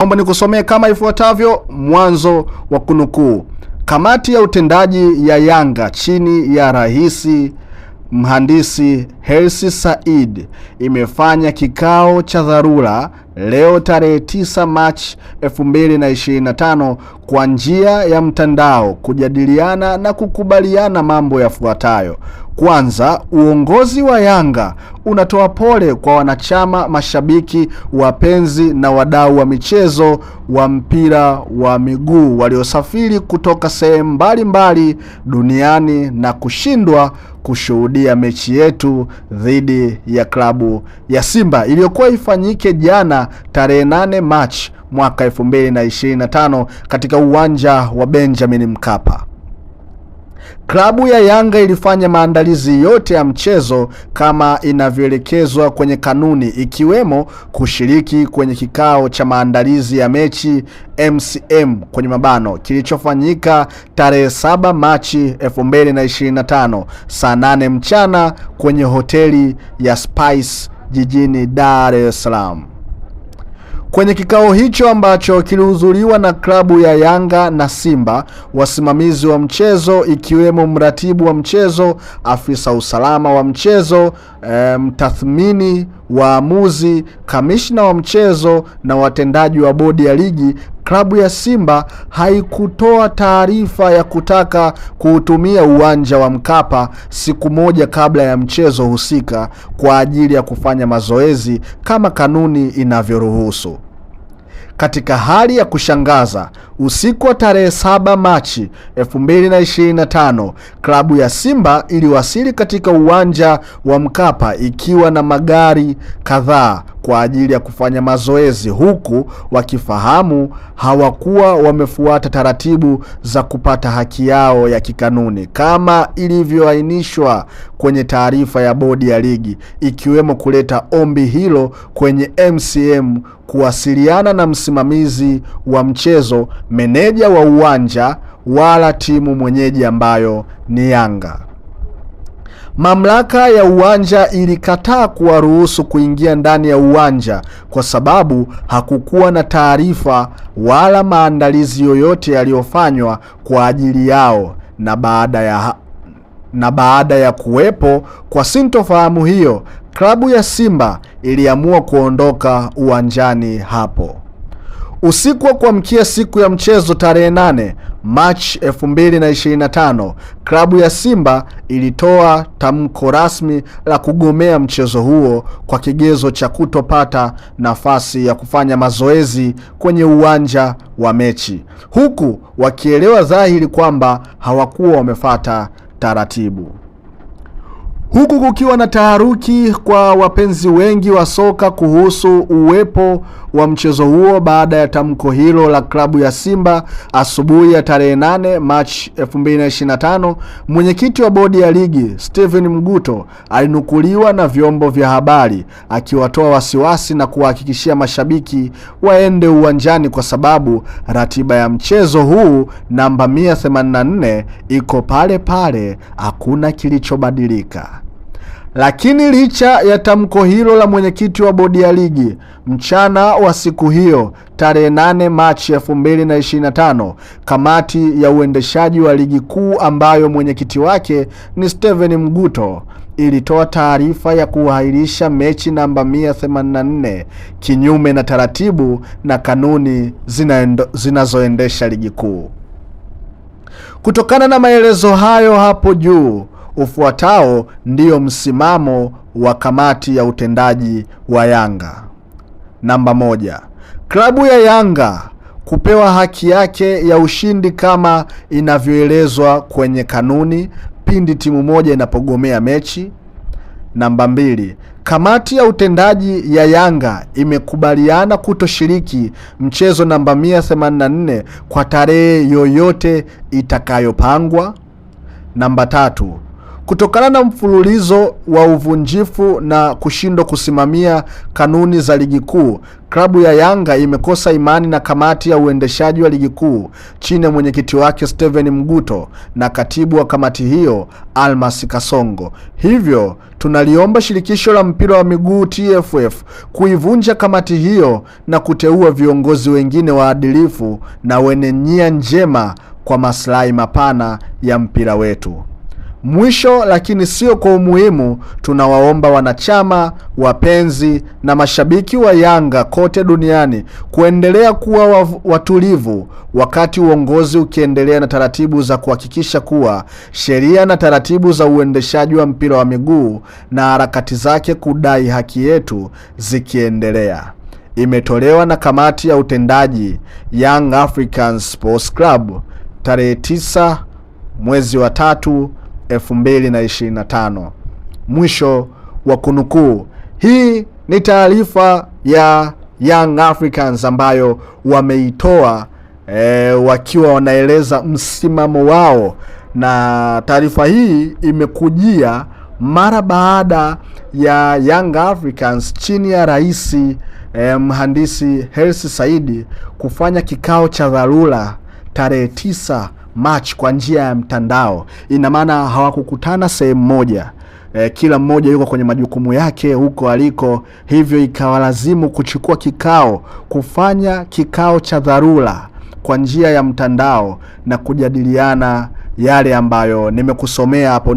Naomba nikusomee kama ifuatavyo, mwanzo wa kunukuu. Kamati ya utendaji ya Yanga chini ya Rais Mhandisi Hersi Said imefanya kikao cha dharura leo tarehe 9 Machi 2025 kwa njia ya mtandao kujadiliana na kukubaliana mambo yafuatayo. Kwanza, uongozi wa Yanga unatoa pole kwa wanachama, mashabiki, wapenzi na wadau wa michezo wa mpira wa miguu waliosafiri kutoka sehemu mbalimbali duniani na kushindwa kushuhudia mechi yetu dhidi ya klabu ya Simba iliyokuwa ifanyike jana tarehe 8 Machi mwaka 2025 katika uwanja wa Benjamin Mkapa. Klabu ya Yanga ilifanya maandalizi yote ya mchezo kama inavyoelekezwa kwenye kanuni, ikiwemo kushiriki kwenye kikao cha maandalizi ya mechi MCM kwenye mabano kilichofanyika tarehe 7 Machi 2025 saa 8 mchana kwenye hoteli ya Spice jijini Dar es Salaam. Kwenye kikao hicho ambacho kilihudhuriwa na klabu ya Yanga na Simba, wasimamizi wa mchezo ikiwemo mratibu wa mchezo, afisa usalama wa mchezo, e, mtathmini, waamuzi, kamishna wa mchezo na watendaji wa bodi ya ligi klabu ya Simba haikutoa taarifa ya kutaka kuutumia uwanja wa Mkapa siku moja kabla ya mchezo husika kwa ajili ya kufanya mazoezi kama kanuni inavyoruhusu. Katika hali ya kushangaza, usiku wa tarehe 7 Machi 2025, klabu ya Simba iliwasili katika uwanja wa Mkapa ikiwa na magari kadhaa kwa ajili ya kufanya mazoezi, huku wakifahamu hawakuwa wamefuata taratibu za kupata haki yao ya kikanuni kama ilivyoainishwa kwenye taarifa ya bodi ya ligi, ikiwemo kuleta ombi hilo kwenye MCM, kuwasiliana na msimamizi wa mchezo, meneja wa uwanja, wala timu mwenyeji ambayo ni Yanga. Mamlaka ya uwanja ilikataa kuwaruhusu kuingia ndani ya uwanja kwa sababu hakukuwa na taarifa wala maandalizi yoyote yaliyofanywa kwa ajili yao, na baada ya na baada ya kuwepo kwa sintofahamu hiyo, klabu ya Simba iliamua kuondoka uwanjani hapo. Usiku wa kuamkia siku ya mchezo tarehe nane, Machi 2025 klabu ya Simba ilitoa tamko rasmi la kugomea mchezo huo kwa kigezo cha kutopata nafasi ya kufanya mazoezi kwenye uwanja wa mechi, huku wakielewa dhahiri kwamba hawakuwa wamefata taratibu huku kukiwa na taharuki kwa wapenzi wengi wa soka kuhusu uwepo wa mchezo huo baada ya tamko hilo la klabu ya Simba asubuhi ya tarehe 8 Machi 2025. Mwenyekiti wa bodi ya ligi Steven Mguto alinukuliwa na vyombo vya habari akiwatoa wasiwasi na kuwahakikishia mashabiki waende uwanjani kwa sababu ratiba ya mchezo huu namba 184 iko pale pale, hakuna kilichobadilika. Lakini licha ya tamko hilo la mwenyekiti wa bodi ya ligi, mchana wa siku hiyo tarehe 8 Machi 2025, kamati ya uendeshaji wa ligi kuu ambayo mwenyekiti wake ni Steven Mguto ilitoa taarifa ya kuahirisha mechi namba 184 kinyume na taratibu na kanuni zinazoendesha ligi kuu. Kutokana na maelezo hayo hapo juu ufuatao ndiyo msimamo wa kamati ya utendaji wa Yanga. Namba moja, klabu ya Yanga kupewa haki yake ya ushindi kama inavyoelezwa kwenye kanuni pindi timu moja inapogomea mechi. Namba mbili, kamati ya utendaji ya Yanga imekubaliana kutoshiriki mchezo namba 184 kwa tarehe yoyote itakayopangwa. Namba tatu, Kutokana na mfululizo wa uvunjifu na kushindwa kusimamia kanuni za ligi kuu, klabu ya Yanga imekosa imani na kamati ya uendeshaji wa ligi kuu chini ya mwenyekiti wake Steven Mguto na katibu wa kamati hiyo Almas Kasongo. Hivyo tunaliomba shirikisho la mpira wa miguu TFF kuivunja kamati hiyo na kuteua viongozi wengine waadilifu na wenye nia njema kwa maslahi mapana ya mpira wetu. Mwisho lakini sio kwa umuhimu, tunawaomba wanachama, wapenzi na mashabiki wa Yanga kote duniani kuendelea kuwa watulivu wakati uongozi ukiendelea na taratibu za kuhakikisha kuwa sheria na taratibu za uendeshaji wa mpira wa miguu na harakati zake kudai haki yetu zikiendelea. Imetolewa na kamati ya utendaji Young Africans Sports Club tarehe 9 mwezi wa tatu 2025. Mwisho wa kunukuu. Hii ni taarifa ya Young Africans ambayo wameitoa e, wakiwa wanaeleza msimamo wao, na taarifa hii imekujia mara baada ya Young Africans chini ya rais e, mhandisi Hersi Saidi kufanya kikao cha dharura tarehe tisa match kwa njia ya mtandao. Ina maana hawakukutana sehemu moja. E, kila mmoja yuko kwenye majukumu yake huko aliko, hivyo ikawalazimu kuchukua kikao, kufanya kikao cha dharura kwa njia ya mtandao na kujadiliana yale ambayo nimekusomea hapo.